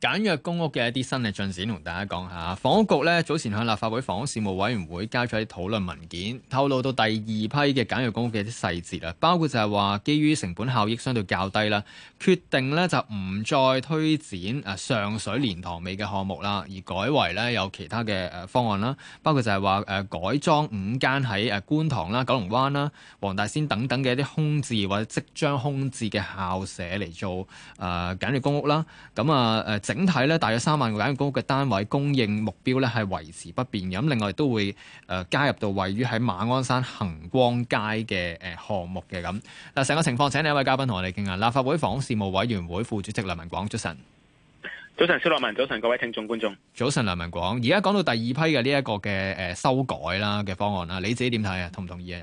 簡約公屋嘅一啲新嘅進展，同大家講下。房屋局呢，早前向立法會房屋事務委員會交咗啲討論文件，透露到第二批嘅簡約公屋嘅一啲細節啦，包括就係話基於成本效益相對較低啦，決定呢就唔再推展啊上水蓮塘尾嘅項目啦，而改為呢有其他嘅誒方案啦，包括就係話誒改裝五間喺誒觀塘啦、九龍灣啦、黃大仙等等嘅一啲空置或者即將空置嘅校舍嚟做誒、呃、簡約公屋啦。咁啊誒。呃整體咧大約三萬個簡約公屋嘅單位供應目標咧係維持不變嘅，咁另外都會誒加入到位於喺馬鞍山恒光街嘅誒項目嘅。咁嗱，成個情況請另一位嘉賓同我哋傾下，立法會房屋事務委員會副主席梁文廣，早晨。早晨，小樂文，早晨各位聽眾觀眾，早晨梁文廣，而家講到第二批嘅呢一個嘅誒修改啦嘅方案啦，你自己點睇啊？同唔同意啊？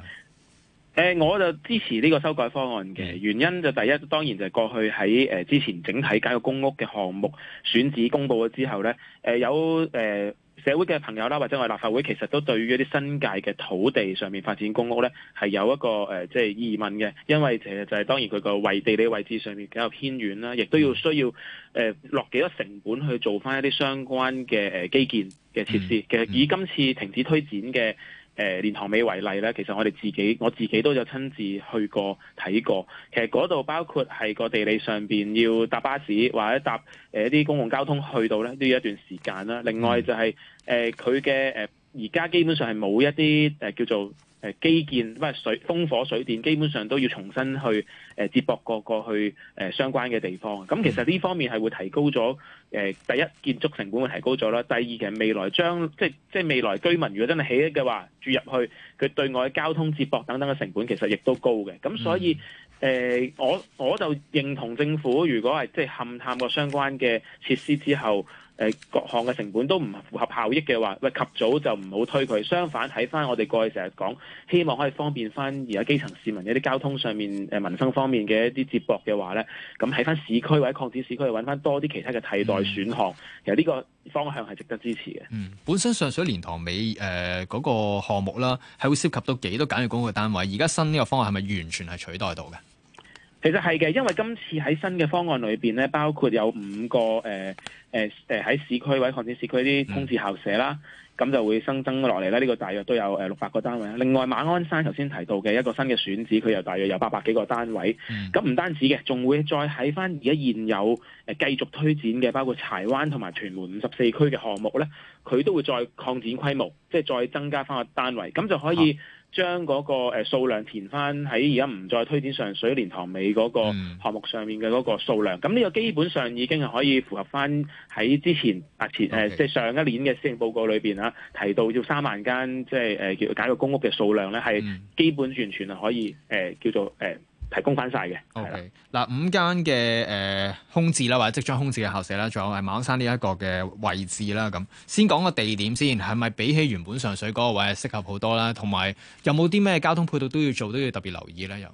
誒、呃，我就支持呢個修改方案嘅原因就第一，當然就係過去喺、呃、之前整體簡約公屋嘅項目選址公佈咗之後咧、呃，有誒、呃、社會嘅朋友啦，或者我哋立法會其實都對於一啲新界嘅土地上面發展公屋咧，係有一個即係、呃就是、疑問嘅，因為其實就係、是、當然佢個位地理位置上面比較偏遠啦，亦都要需要誒、呃、落幾多成本去做返一啲相關嘅、呃、基建嘅設施、嗯。其實以今次停止推展嘅。誒、呃、牛潭尾為例咧，其實我哋自己我自己都有親自去過睇過，其實嗰度包括係個地理上邊要搭巴士或者搭誒一啲公共交通去到咧，都要一段時間啦。另外就係誒佢嘅誒。呃而家基本上係冇一啲叫做基建，唔係水風火水電，基本上都要重新去、呃、接駁個個去、呃、相關嘅地方。咁其實呢方面係會提高咗、呃、第一建築成本會提高咗啦。第二其實未來將即即未來居民如果真係起嘅話住入去，佢對外交通接駁等等嘅成本其實亦都高嘅。咁所以誒、呃、我我就認同政府如果係即勘探過相關嘅設施之後，誒各項嘅成本都唔符合效益嘅話，喂及早就唔好推佢。相反，睇翻我哋過去成日講，希望可以方便翻而家基層市民一啲交通上面誒民生方面嘅一啲接駁嘅話咧，咁喺翻市區或者擴展市區揾翻多啲其他嘅替代選項，嗯，其實呢個方向係值得支持嘅。嗯，本身上水蓮塘尾誒嗰個項目啦，係會涉及到幾多簡易公共單位？而家新呢個方案係咪完全係取代到嘅？其實係嘅，因為今次喺新嘅方案裏邊咧，包括有五個誒誒誒喺市區或者擴展市區啲空置校舍啦，咁就會新增落嚟咧。呢個大約都有誒六百個單位。另外馬鞍山頭先提到嘅一個新嘅選址，佢又大約有八百幾個單位。咁、嗯、唔單止嘅，仲會再喺翻而家現有誒繼續推展嘅，包括柴灣同埋屯門五十四區嘅項目咧，佢都會再擴展規模，即係再增加翻個單位，咁就可以。將嗰個誒數量填翻喺而家唔再推展上水蓮塘尾嗰個項目上面嘅嗰個數量，咁、嗯、呢個基本上已經係可以符合翻喺之前啊前誒即、呃 okay. 上一年嘅施政報告裏面，啊提到要三萬間即係叫簡約公屋嘅數量咧，係基本完全係可以、呃、叫做、呃提供翻晒嘅。OK，嗱五間嘅誒、呃、空置啦，或者即將空置嘅校舍啦，仲有係馬鞍山呢一個嘅位置啦。咁先講個地點先，係咪比起原本上水嗰個位置適合好多啦？同埋有冇啲咩交通配套都要做，都要特別留意咧？又。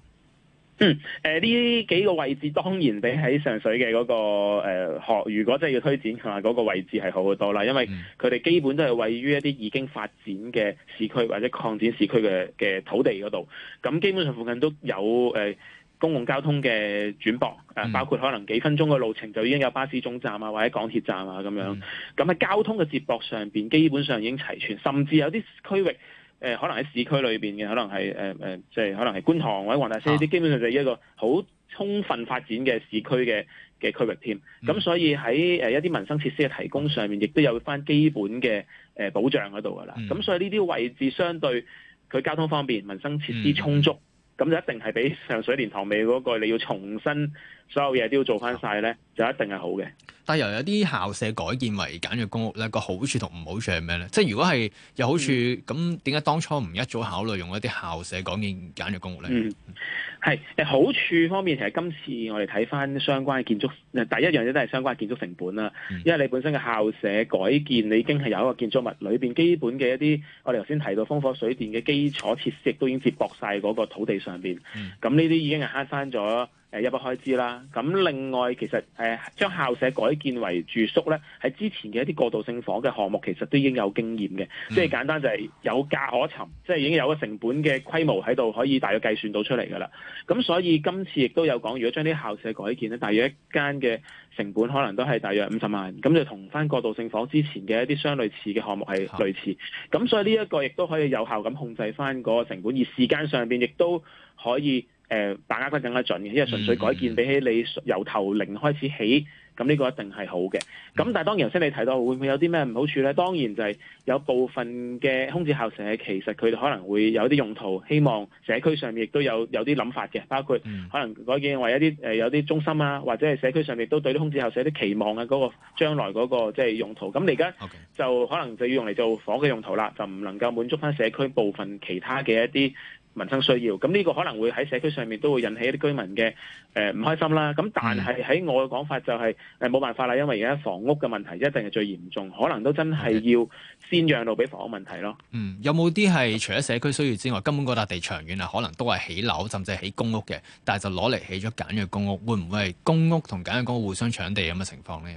嗯，呢、呃、幾個位置當然比喺上水嘅嗰、那個誒學、呃，如果真係要推展話，嚇、那、嗰個位置係好好多啦，因為佢哋基本都係位於一啲已經發展嘅市區或者擴展市區嘅嘅土地嗰度。咁基本上附近都有、呃、公共交通嘅轉駁，包括可能幾分鐘嘅路程就已經有巴士總站啊，或者港鐵站啊咁樣。咁、嗯、喺交通嘅接駁上面，基本上已經齊全，甚至有啲區域。誒可能喺市區裏邊嘅，可能係誒誒，即係可能係、呃呃、觀塘或者黃大仙呢啲，啊、基本上就係一個好充分發展嘅市區嘅嘅區域添。咁所以喺誒、呃、一啲民生設施嘅提供上面，亦都有翻基本嘅誒、呃、保障嗰度噶啦。咁、嗯、所以呢啲位置相對佢交通方便、民生設施充足，咁、嗯、就一定係比上水蓮塘尾嗰個你要重新。所有嘢都要做翻晒咧，就一定係好嘅。但係又有啲校舍改建為簡約公屋咧，個好處同唔好處係咩咧？即係如果係有好處，咁點解當初唔一早考慮用一啲校舍改建簡約公屋咧？嗯，係誒好處方面，其實今次我哋睇翻相關嘅建築，第一樣嘢都係相關嘅建築成本啦。因為你本身嘅校舍改建，你已經係有一個建築物裏面基本嘅一啲，我哋頭先提到風火、水電嘅基礎設施，都已經接駁晒嗰個土地上面，咁呢啲已經係慳翻咗。誒一筆開支啦，咁另外其實誒、呃、將校舍改建為住宿咧，喺之前嘅一啲過渡性房嘅項目其實都已經有經驗嘅，即、嗯、係簡單就係有價可尋，即、就、係、是、已經有個成本嘅規模喺度，可以大約計算到出嚟㗎啦。咁所以今次亦都有講，如果將啲校舍改建咧，大約一間嘅成本可能都係大約五十萬，咁就同翻過渡性房之前嘅一啲相類似嘅項目係類似。咁、啊、所以呢一個亦都可以有效咁控制翻嗰個成本，而時間上面亦都可以。誒、呃、把握得更加準嘅，因為純粹改建比起你由頭零開始起，咁、嗯、呢個一定係好嘅。咁但係當然，頭先你提到會唔會有啲咩唔好處咧？當然就係有部分嘅空置校舍，其實佢哋可能會有啲用途，希望社區上面亦都有有啲諗法嘅，包括可能改建為一啲誒、呃、有啲中心啊，或者係社區上面都對啲空置校舍啲期望啊，嗰個將來嗰個即係用途。咁你而家就可能就要用嚟做房嘅用途啦，就唔能夠滿足翻社區部分其他嘅一啲，民生需要，咁、這、呢個可能會喺社區上面都會引起一啲居民嘅誒唔開心啦。咁但係喺我嘅講法就係誒冇辦法啦，因為而家房屋嘅問題一定係最嚴重，可能都真係要先讓路俾房屋問題咯。Okay. 嗯，有冇啲係除咗社區需要之外，根本嗰笪地長遠啊，可能都係起樓，甚至係起公屋嘅，但係就攞嚟起咗簡約公屋，會唔會係公屋同簡約公屋互相搶地咁嘅情況呢？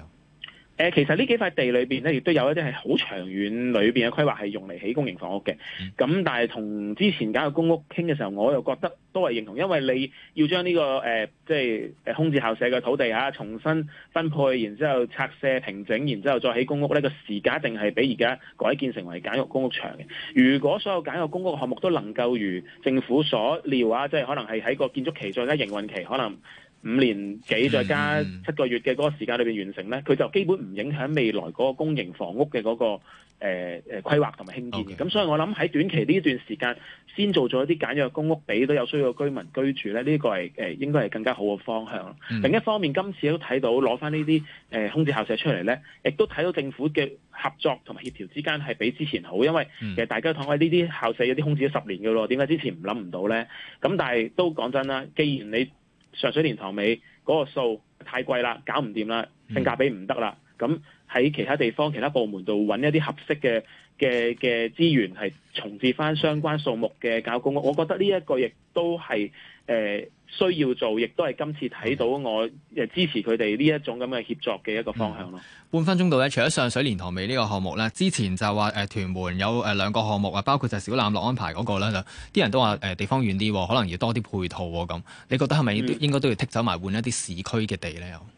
誒，其實這幾塊呢幾塊地裏邊咧，亦都有一啲係好長遠裏邊嘅規劃，係用嚟起公營房屋嘅。咁、嗯、但係同之前簡約公屋傾嘅時候，我又覺得都係認同，因為你要將呢、這個誒、呃，即係誒空置校舍嘅土地嚇、啊，重新分配，然之後拆卸平整，然之後再起公屋咧，呢個時間定係比而家改建成為簡約公屋長嘅。如果所有簡約公屋嘅項目都能夠如政府所料啊，即係可能係喺個建築期再加營運期可能。五年幾再加七個月嘅嗰個時間裏面完成咧，佢就基本唔影響未來嗰個公營房屋嘅嗰、那個誒規、呃、規劃同埋興建嘅。咁、okay. 嗯、所以我諗喺短期呢段時間先做咗一啲簡約公屋俾到有需要嘅居民居住咧，呢、這個係誒、呃、應該係更加好嘅方向、嗯。另一方面，今次都睇到攞翻呢啲誒空置校舍出嚟咧，亦都睇到政府嘅合作同埋協調之間係比之前好，因為、嗯、其實大家睇下呢啲校舍有啲空置咗十年嘅咯，點解之前唔諗唔到咧？咁但係都講真啦，既然你上水蓮塘尾嗰個數太貴啦，搞唔掂啦，性價比唔得啦。咁喺其他地方、其他部門度揾一啲合適嘅嘅嘅資源，係重置翻相關數目嘅教工。我覺得呢一個亦都係誒需要做，亦都係今次睇到我支持佢哋呢一種咁嘅協作嘅一個方向咯，嗯。半分鐘度咧，除咗上水蓮塘尾呢個項目咧，之前就話誒屯門有誒兩個項目啊，包括就係小欖落安排嗰，個啦，就啲人都話誒地方遠啲，可能要多啲配套咁。你覺得係咪應該都要剔走埋換一啲市區嘅地咧？又，嗯？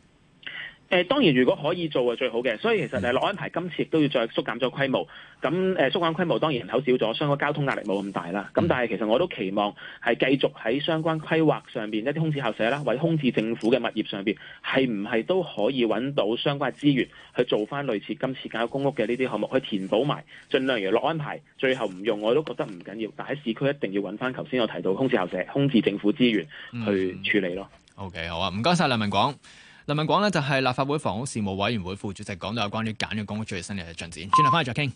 誒，當然如果可以做係最好嘅。所以其實誒落安排，今次都要再縮減咗規模。咁誒，縮減規模，當然人口少咗，相關交通壓力冇咁大啦。咁但係其實我都期望係繼續喺相關規劃上邊一啲空置校舍啦，或者空置政府嘅物業上邊，係唔係都可以揾到相關嘅資源去做翻類似今次搞公屋嘅呢啲項目，去填補埋，盡量而家落安排，最後唔用我都覺得唔緊要。但喺市區一定要揾翻頭先我提到空置校舍、空置政府資源去處理咯。嗯、OK，好啊，唔該晒梁文廣。梁文廣呢就係立法會房屋事務委員會副主席，講到有關於簡約公屋最新嘅進展，轉頭翻去再傾。